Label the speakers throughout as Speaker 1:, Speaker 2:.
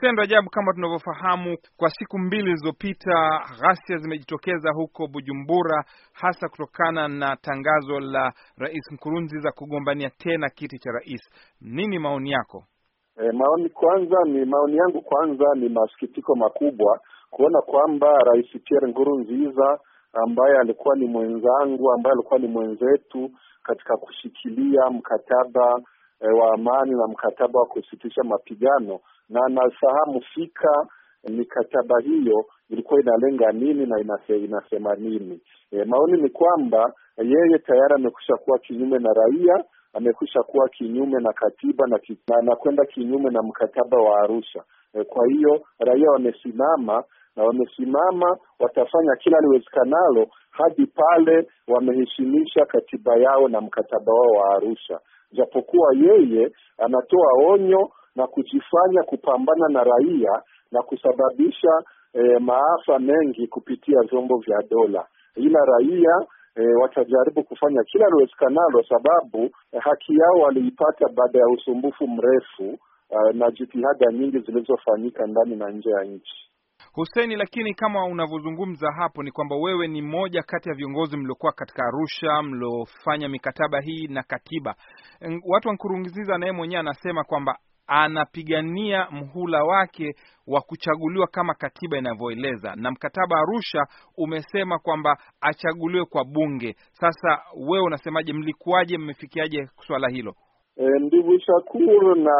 Speaker 1: Hussein ajabu kama tunavyofahamu, kwa siku mbili zilizopita ghasia zimejitokeza huko Bujumbura, hasa kutokana na tangazo la Rais Nkurunziza kugombania tena kiti cha rais. Nini maoni yako?
Speaker 2: E, maoni kwanza ni maoni yangu kwanza ni masikitiko makubwa kuona kwamba Rais Pierre Nkurunziza ambaye alikuwa ni mwenzangu, ambaye alikuwa ni mwenzetu katika kushikilia mkataba e, wa amani na mkataba wa kusitisha mapigano na nafahamu fika mikataba hiyo ilikuwa inalenga nini na inase, inasema nini. E, maoni ni kwamba yeye tayari amekwisha kuwa kinyume na raia, amekwisha kuwa kinyume na katiba na anakwenda kinyume na mkataba wa Arusha. E, kwa hiyo raia wamesimama na wamesimama, watafanya kila liwezekanalo hadi pale wameheshimisha katiba yao na mkataba wao wa Arusha, japokuwa yeye anatoa onyo na kujifanya kupambana na raia na kusababisha e, maafa mengi kupitia vyombo vya dola, ila raia E, watajaribu kufanya kila liwezekanalo, sababu eh, haki yao waliipata baada ya usumbufu mrefu uh, na jitihada nyingi zilizofanyika ndani na nje ya nchi.
Speaker 1: huseni lakini kama unavyozungumza hapo ni kwamba wewe ni mmoja kati ya viongozi mliokuwa katika Arusha, mliofanya mikataba hii na katiba. Watu wa Nkurunziza naye mwenyewe anasema kwamba anapigania mhula wake wa kuchaguliwa kama katiba inavyoeleza, na mkataba Arusha umesema kwamba achaguliwe kwa bunge. Sasa wewe unasemaje? Mlikuwaje? Mmefikiaje swala hilo?
Speaker 2: E, ndugu Shakur na,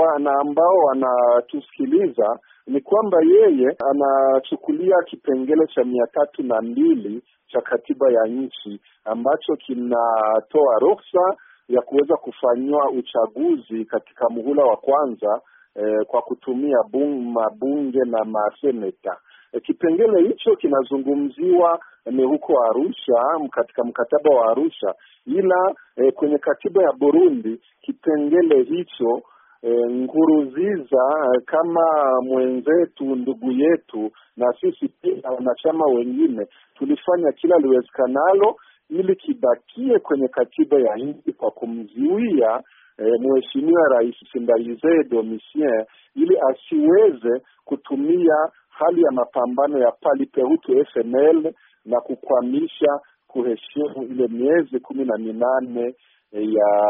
Speaker 2: wana ambao wanatusikiliza ni kwamba yeye anachukulia kipengele cha mia tatu na mbili cha katiba ya nchi ambacho kinatoa ruksa ya kuweza kufanyiwa uchaguzi katika muhula wa kwanza eh, kwa kutumia bung, mabunge na maseneta. Eh, kipengele hicho kinazungumziwa eh, ni huko Arusha katika mkataba wa Arusha, ila eh, kwenye katiba ya Burundi kipengele hicho eh, Nguruziza eh, kama mwenzetu, ndugu yetu, na sisi pia wanachama wengine tulifanya kila liwezekanalo ili kibakie kwenye katiba ya nchi kwa kumzuia E, Mheshimiwa Rais Ndayizeye Domitien ili asiweze kutumia hali ya mapambano ya pali peutu FNL na kukwamisha kuheshimu ile miezi kumi na minane eh, ya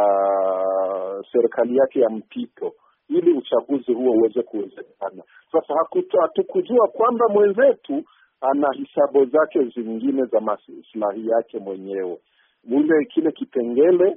Speaker 2: serikali yake ya mpito ili uchaguzi huo uweze kuwezekana. Sasa hatukujua kwamba mwenzetu ana hisabu zake zingine za maslahi yake mwenyewe. Ule kile kipengele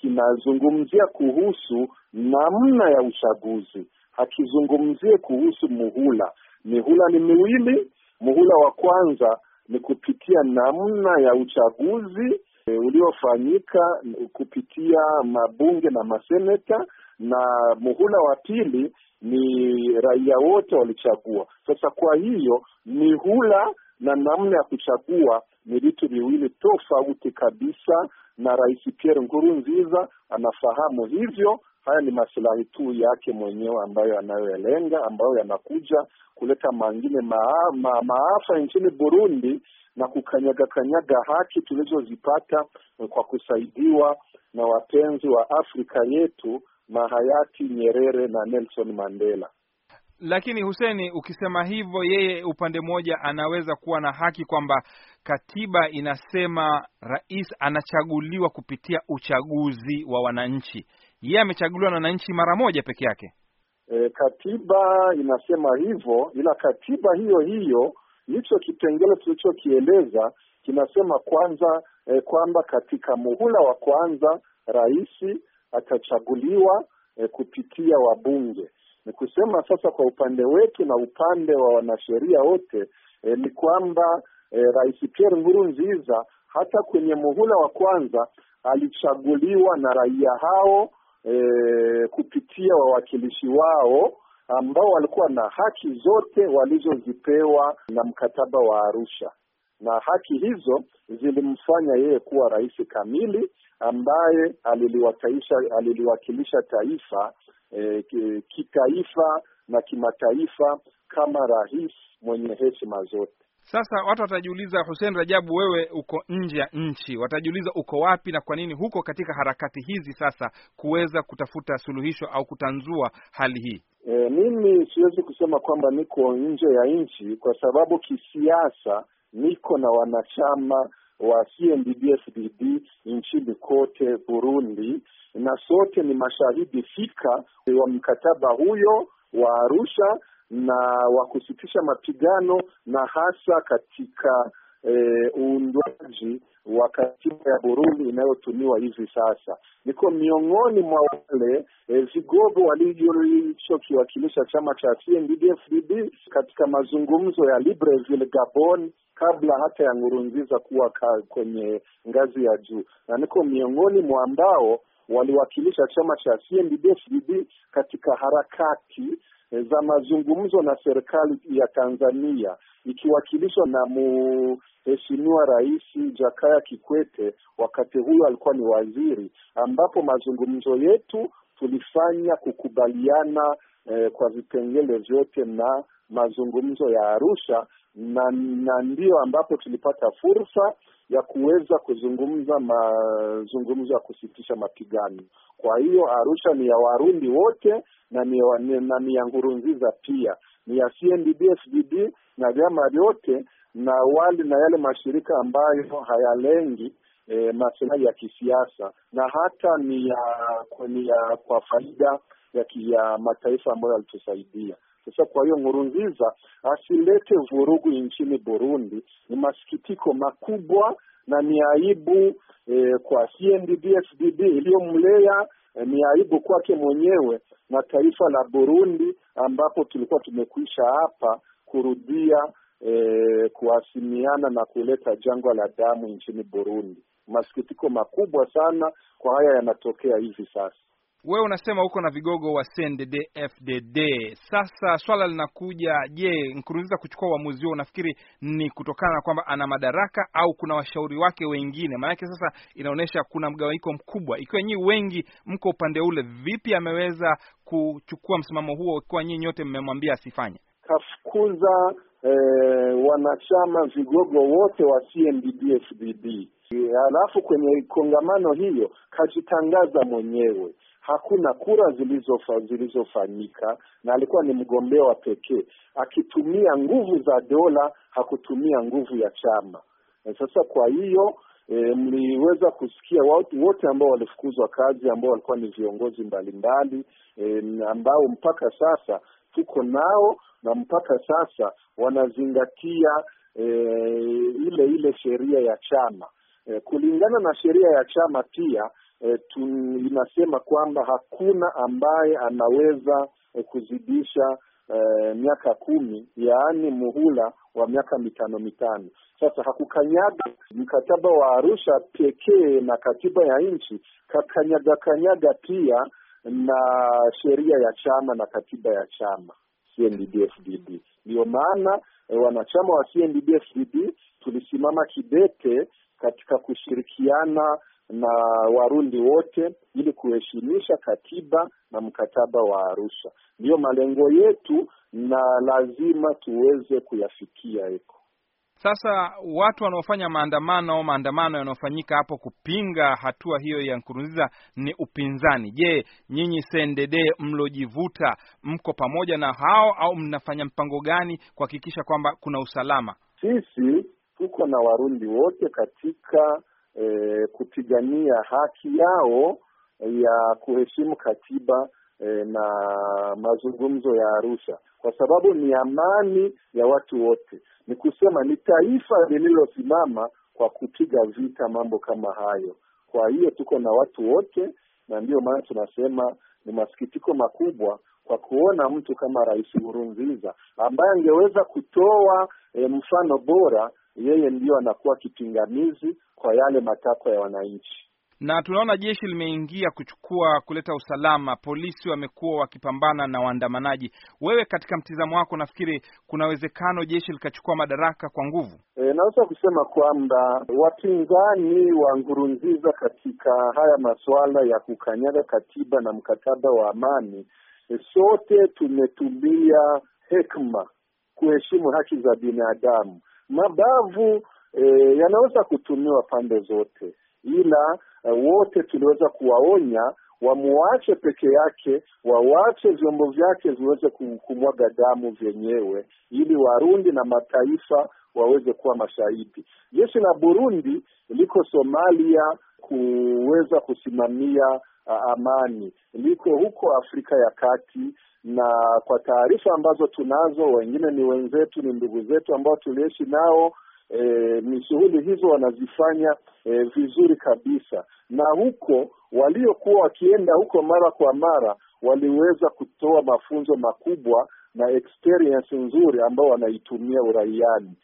Speaker 2: kinazungumzia kuhusu namna ya uchaguzi, hakizungumzie kuhusu muhula. Mihula ni miwili. Muhula wa kwanza ni kupitia namna ya uchaguzi e, uliofanyika kupitia mabunge na maseneta na muhula wa pili ni raia wote walichagua. Sasa kwa hiyo mihula na namna ya kuchagua ni vitu viwili tofauti kabisa, na Rais Pierre Nkurunziza anafahamu hivyo. Haya ni masilahi tu yake mwenyewe ambayo anayoyalenga, ambayo yanakuja kuleta mangine maa, ma, maafa nchini Burundi na kukanyaga kanyaga haki tulizozipata kwa kusaidiwa na wapenzi wa Afrika yetu hayati Nyerere na Nelson Mandela.
Speaker 1: Lakini Huseni, ukisema hivyo, yeye upande mmoja anaweza kuwa na haki kwamba katiba inasema rais anachaguliwa kupitia uchaguzi wa wananchi. Yeye amechaguliwa na wananchi mara moja peke yake.
Speaker 2: E, katiba inasema hivyo, ila katiba hiyo hiyo hicho kipengele tulichokieleza kinasema kwanza, e, kwamba katika muhula wa kwanza rais atachaguliwa e, kupitia wabunge. Ni kusema sasa, kwa upande wetu na upande wa wanasheria wote e, ni kwamba e, Rais Pierre Nkurunziza hata kwenye muhula wa kwanza alichaguliwa na raia hao e, kupitia wawakilishi wao ambao walikuwa na haki zote walizozipewa na mkataba wa Arusha na haki hizo zilimfanya yeye kuwa rais kamili ambaye aliliwakilisha aliliwakilisha taifa e, kitaifa na kimataifa kama rais mwenye heshima zote.
Speaker 1: Sasa watu watajiuliza, Hussein Rajabu, wewe uko nje ya nchi, watajiuliza uko wapi na kwa nini huko katika harakati hizi sasa kuweza kutafuta suluhisho au kutanzua hali hii?
Speaker 2: E, mimi siwezi kusema kwamba niko nje ya nchi kwa sababu kisiasa niko na wanachama wa CNDD-FDD nchini kote Burundi, na sote ni mashahidi fika wa mkataba huyo wa Arusha na wa kusitisha mapigano na hasa katika Eh, uundwaji wa katiba ya Burundi inayotumiwa hivi sasa. Niko miongoni mwa wale e, vigogo walichokiwakilisha chama cha CNDD-FDD katika mazungumzo ya Libreville, Gabon kabla hata ya Ngurunziza kuwa ka, kwenye ngazi ya juu, na niko miongoni mwa ambao waliwakilisha chama cha CNDD-FDD katika harakati za mazungumzo na serikali ya Tanzania ikiwakilishwa na mheshimiwa Rais Jakaya Kikwete, wakati huyo alikuwa ni waziri, ambapo mazungumzo yetu tulifanya kukubaliana eh, kwa vipengele vyote na mazungumzo ya Arusha na, na ndio ambapo tulipata fursa ya kuweza kuzungumza mazungumzo ya kusitisha mapigano. Kwa hiyo Arusha ni ya Warundi wote na ni, na ni ya Ngurunziza pia, ni ya CNDD FDD na vyama vyote na wali na yale mashirika ambayo hayalengi e, masilahi ya kisiasa na hata ni ya, ni ya kwa faida ya, ya mataifa ambayo yalitusaidia. Sasa kwa hiyo Nkurunziza asilete vurugu nchini Burundi ni masikitiko makubwa na ni aibu e, kwa CNDD-FDD iliyomlea e, ni aibu kwake mwenyewe na taifa la Burundi, ambapo tulikuwa tumekwisha hapa kurudia e, kuhasimiana na kuleta jangwa la damu nchini Burundi. Masikitiko makubwa sana kwa haya yanatokea hivi sasa.
Speaker 1: Wewe unasema uko na vigogo wa CNDD FDD. Sasa swala linakuja, je, Nkurunziza kuchukua uamuzi huo unafikiri ni kutokana na kwamba ana madaraka au kuna washauri wake wengine? Maanake sasa inaonyesha kuna mgawanyiko mkubwa. Ikiwa nyinyi wengi mko upande ule, vipi ameweza kuchukua msimamo huo ikiwa nyinyi nyote mmemwambia asifanye?
Speaker 2: Kafukuza eh, wanachama vigogo wote wa CNDD FDD, alafu kwenye kongamano hiyo kajitangaza mwenyewe hakuna kura zilizofa, zilizofanyika na alikuwa ni mgombea wa pekee akitumia nguvu za dola, hakutumia nguvu ya chama. Na sasa kwa hiyo E, mliweza kusikia watu wote ambao walifukuzwa kazi ambao walikuwa ni viongozi mbalimbali e, ambao mpaka sasa tuko nao na mpaka sasa wanazingatia e, ile ile sheria ya chama e, kulingana na sheria ya chama pia e, inasema kwamba hakuna ambaye anaweza e, kuzidisha e, miaka kumi, yaani muhula wa miaka mitano mitano. Sasa hakukanyaga mkataba wa Arusha pekee na katiba ya nchi, kakanyaga kanyaga pia na sheria ya chama na katiba ya chama cndd Ndiyo maana e, wanachama wa cndd tulisimama kidete katika kushirikiana na Warundi wote ili kuheshimisha katiba na mkataba wa Arusha. Ndiyo malengo yetu na lazima tuweze kuyafikia iko
Speaker 1: Sasa watu wanaofanya maandamano, au maandamano yanayofanyika hapo kupinga hatua hiyo ya Nkurunziza ni upinzani. Je, nyinyi CNDD mlojivuta, mko pamoja na hao au mnafanya mpango gani kuhakikisha kwamba kuna usalama?
Speaker 2: Sisi tuko na Warundi wote katika e, kupigania haki yao ya kuheshimu katiba e, na mazungumzo ya Arusha, kwa sababu ni amani ya watu wote. Ni kusema ni taifa lililosimama kwa kupiga vita mambo kama hayo. Kwa hiyo tuko na watu wote, na ndiyo maana tunasema ni masikitiko makubwa kwa kuona mtu kama Rais Nkurunziza ambaye angeweza kutoa e, mfano bora yeye ndiyo anakuwa kipingamizi kwa yale matakwa ya wananchi.
Speaker 1: Na tunaona jeshi limeingia kuchukua kuleta usalama, polisi wamekuwa wakipambana na waandamanaji. Wewe katika mtizamo wako, nafikiri kuna uwezekano jeshi likachukua madaraka kwa nguvu?
Speaker 2: E, naweza kusema kwamba wapinzani wa Ngurunziza katika haya masuala ya kukanyaga katiba na mkataba wa amani, e, sote tumetumia hekima kuheshimu haki za binadamu mabavu eh, yanaweza kutumiwa pande zote, ila eh, wote tuliweza kuwaonya wamuache peke yake, wawache vyombo vyake viweze kumwaga damu vyenyewe, ili Warundi na mataifa waweze kuwa mashahidi. Jeshi la Burundi liko Somalia kuweza kusimamia amani liko huko Afrika ya Kati, na kwa taarifa ambazo tunazo, wengine ni wenzetu, ni ndugu zetu ambao tuliishi nao E, ni shughuli hizo wanazifanya e, vizuri kabisa, na huko waliokuwa wakienda huko mara kwa mara waliweza kutoa mafunzo makubwa na experience nzuri ambao wanaitumia uraiani.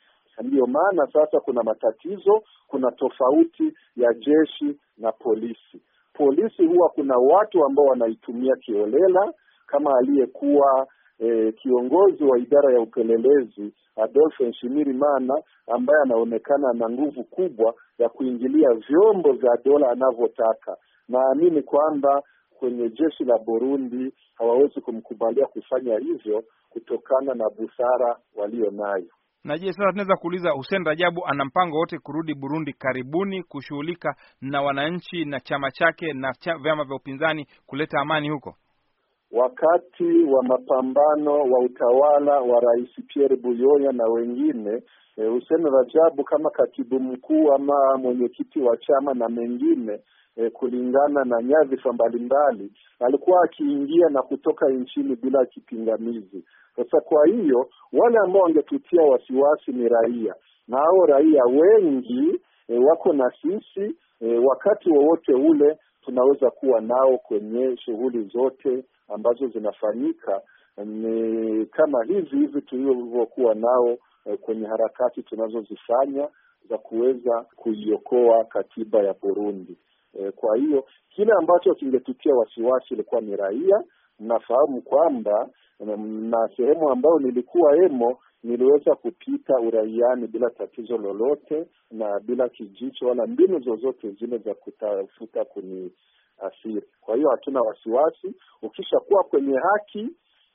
Speaker 2: Ndiyo maana sasa kuna matatizo, kuna tofauti ya jeshi na polisi polisi huwa kuna watu ambao wanaitumia kiolela, kama aliyekuwa e, kiongozi wa idara ya upelelezi Adolfo mana ambaye anaonekana na nguvu kubwa ya kuingilia vyombo vya dola anavyotaka. Naamini kwamba kwenye jeshi la Burundi hawawezi kumkubalia kufanya hivyo kutokana na busara walio nayo.
Speaker 1: Na je, sasa tunaweza kuuliza Hussein Rajabu ana mpango wote kurudi Burundi karibuni kushughulika na wananchi na chama chake na vyama vya upinzani kuleta amani huko?
Speaker 2: wakati wa mapambano wa utawala wa Rais Pierre Buyoya na wengine eh, Hussein Rajabu kama katibu mkuu ama mwenyekiti wa chama na mengine e, kulingana na nyadhifa mbalimbali, alikuwa akiingia na kutoka nchini bila kipingamizi. Sasa kwa hiyo wale ambao wangetutia wasiwasi ni raia, na hao raia wengi e, wako na sisi e, wakati wowote ule tunaweza kuwa nao kwenye shughuli zote ambazo zinafanyika ni kama hizi hizi tulivyokuwa nao eh, kwenye harakati tunazozifanya za kuweza kuiokoa katiba ya Burundi. Eh, kwa hiyo kile ambacho kingetutia wasiwasi ilikuwa ni raia. Nafahamu kwamba mm, na sehemu ambayo nilikuwa emo niliweza kupita uraiani bila tatizo lolote na bila kijicho wala mbinu zozote zile za kutafuta kuni hasira. Kwa hiyo hatuna wasiwasi, ukishakuwa kwenye haki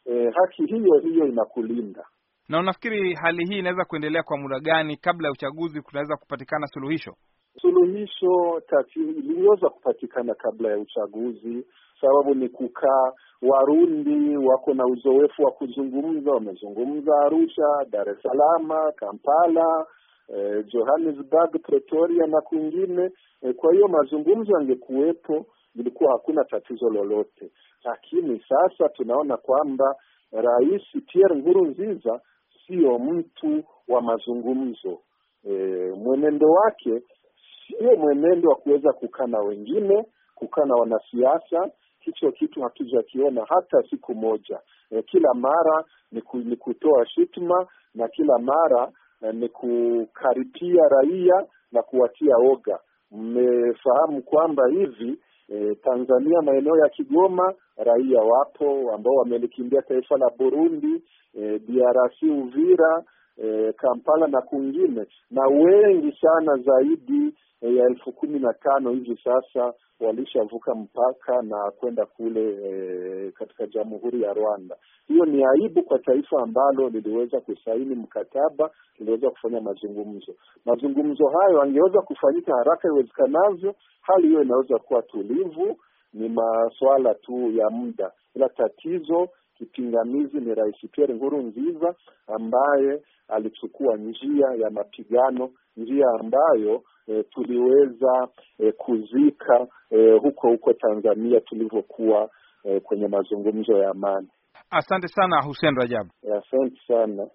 Speaker 2: e, haki hiyo hiyo inakulinda.
Speaker 1: Na unafikiri hali hii inaweza kuendelea kwa muda gani kabla ya uchaguzi kunaweza kupatikana suluhisho?
Speaker 2: Suluhisho liliweza kupatikana kabla ya uchaguzi, sababu ni kukaa. Warundi wako na uzoefu wa kuzungumza, wamezungumza Arusha, Dar es Salaam, Kampala, eh, Johannesburg, Pretoria na kwingine eh, kwa hiyo mazungumzo yangekuwepo vilikuwa hakuna tatizo lolote, lakini sasa tunaona kwamba Rais Pierre Nkurunziza sio mtu wa mazungumzo. E, mwenendo wake sio mwenendo wa kuweza kukaa na wengine, kukaa na wanasiasa. Hicho kitu hatujakiona hata siku moja. E, kila mara ni kutoa shutuma na kila mara e, ni kukaripia raia na kuwatia oga. Mmefahamu kwamba hivi e, Tanzania maeneo ya Kigoma raia wapo ambao wamelikimbia taifa la Burundi, e, DRC Uvira e, Kampala na kwingine, na wengi sana zaidi e, ya elfu kumi na tano hivi sasa walishavuka mpaka na kwenda kule e, katika Jamhuri ya Rwanda. Hiyo ni aibu kwa taifa ambalo liliweza kusaini mkataba, liliweza kufanya mazungumzo. Mazungumzo hayo angeweza kufanyika haraka iwezekanavyo, hali hiyo inaweza kuwa tulivu. Ni masuala tu ya muda, ila tatizo Kipingamizi ni Rais Pierre Nkurunziza ambaye alichukua njia ya mapigano, njia ambayo E, tuliweza e, kuzika e, huko huko Tanzania
Speaker 1: tulivyokuwa e, kwenye mazungumzo ya amani. Asante sana Hussein Rajabu. Asante sana.